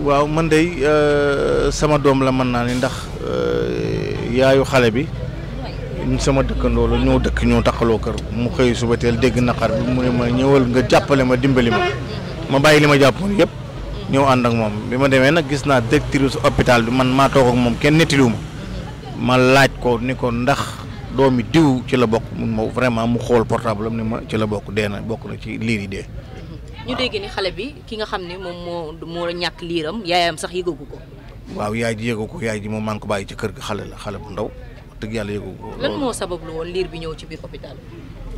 waaw man day euh, sama doom la man naa ni ndax euh, yaayu xale bi sama dëkkandoo la ñoo dëkk ñoo takkaloo kër mu xëy suba teel dégg naqar bi mu ne ma ñëwal nga jàppale ma dimbali ma ma bàyyi li ma jàppoon yépp ñëw ànd ak moom bi ma demee nag gis naa directrice hôpital bi man maatoo toog ak moom kenn nettaliwu ma laaj ko ni ko ndax doomi diw ci la bokk mun ma vraiment mu xool portable am ne ma ci la bokk dee na bokk na ci liir dee ñu dégg ni xale bi ki nga xam ne moom moo moo ñàkk liiram yaayam sax yëgagu ko. waaw yaay ji yëgu ko yaay ji moom maa bàyyi ci kër gi xale la xale bu ndaw wax yàlla yëgu ko. lan moo sabablu woon liir bi ñëw ci biir hôpital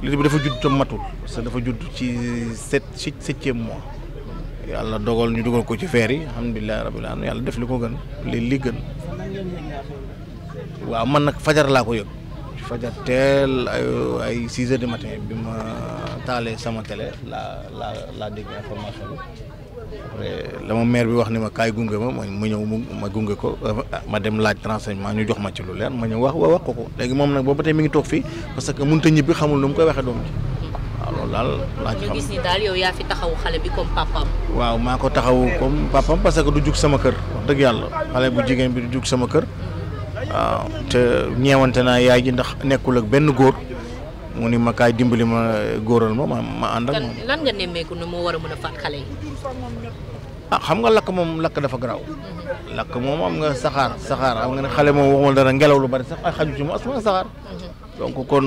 bi. liir bi dafa judd tam matul parce que dafa judd ci sept septième mois. yàlla dogal ñu dugal ko ci feer yi alhamdulilah rabbil alamin yàlla def li ko gën li li gën. waaw man nag fajar laa ko yëg. fajar teel ay ay six heures du matin bi ma taalee sama télé laa laa dégg information bi après la ma maire bi wax ni ma kaay gunge ma ma ñëw ma gunge ko euh, ma dem laaj renseignement ñu jox ma ci lu leer ma ñëw wax wax ko ko léegi moom nag boobu tey mi ngi toog fii parce que mun a ñibbi xamul nu mu koy waxee doom ji waaw loolu daal laa ci xam ni daal yow yaa fi taxawu xale bi comme papam waaw maa ko taxawu comme papam parce que du jug sama kër dëgg yàlla xale sama kër. waaw te ñeewante naa yaay ji ndax nekkul ak benn góor mu ni ma kaay dimbali ma góoral ma ma ànd moom. lan moo war a mën a faat xale yi. ah xam nga lakk moom lakk dafa garaaw. lakk moom am nga saxaar saxaar am nga ne xale moom waxuma dara ngelaw lu bari sax ay xaju moom asuma saxaar. Mhm. donc kon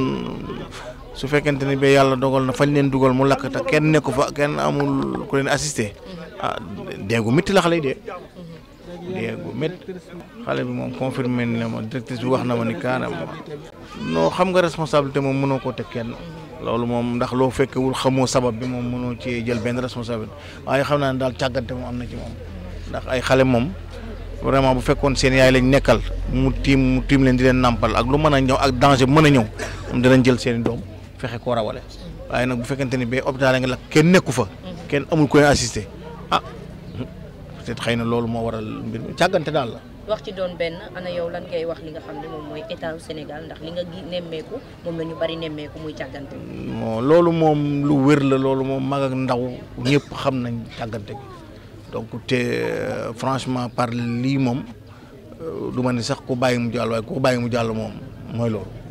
su fekkente ni ba yàlla dogal na fañ leen dugal mu lakk kenn nekku fa kenn amul ku leen mhm. ah, la xale yi dee. dee gu xale bi moom confirmé na ma directrice bi wax na ma ni carrément non xam nga responsabilité moom mënoo koo te kenn loolu moom ndax loo fekkewul xamoo sabab bi moom mënoo ci jël benn responsabilité waaye xam naa ni daal càggante moom am na ci moom ndax ay xale moom vraiment bu fekkoon seen yaay lañ nekkal mu tiim mu tiim leen di leen nàmpal ak lu mën a ñëw ak danger mën a ñëw dinañ jël seeni i doom fexe koo rawale waaye nag bu fekkente ni ba hôpital nga nekku fa peut-être xëy na loolu moo waral mbir mi càggante daal la. wax ci doon benn ana yow lan ngay wax li nga xam ne moom mooy état Sénégal ndax li nga gi nemmeeku moom la bari nemmeeku muy càggante. bon loolu moom lu wér la loolu moom mag ndaw ñëpp xam nañ càggante bi donc te franchement par lii moom euh, du ma ne sax ku bàyyi mu jàll waaye ku bàyyi mu jàll moom mooy loolu.